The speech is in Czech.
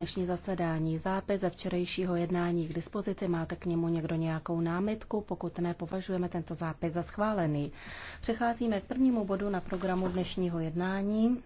Dnešní zasedání zápis ze včerejšího jednání k dispozici. Máte k němu někdo nějakou námitku? Pokud ne, považujeme tento zápis za schválený. Přecházíme k prvnímu bodu na programu dnešního jednání.